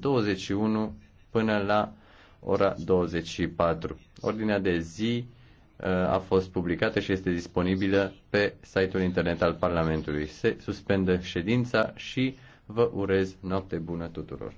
21 până la ora 24. Ordinea de zi uh, a fost publicată și este disponibilă pe site-ul internet al Parlamentului. Se suspendă ședința și vă urez noapte bună tuturor.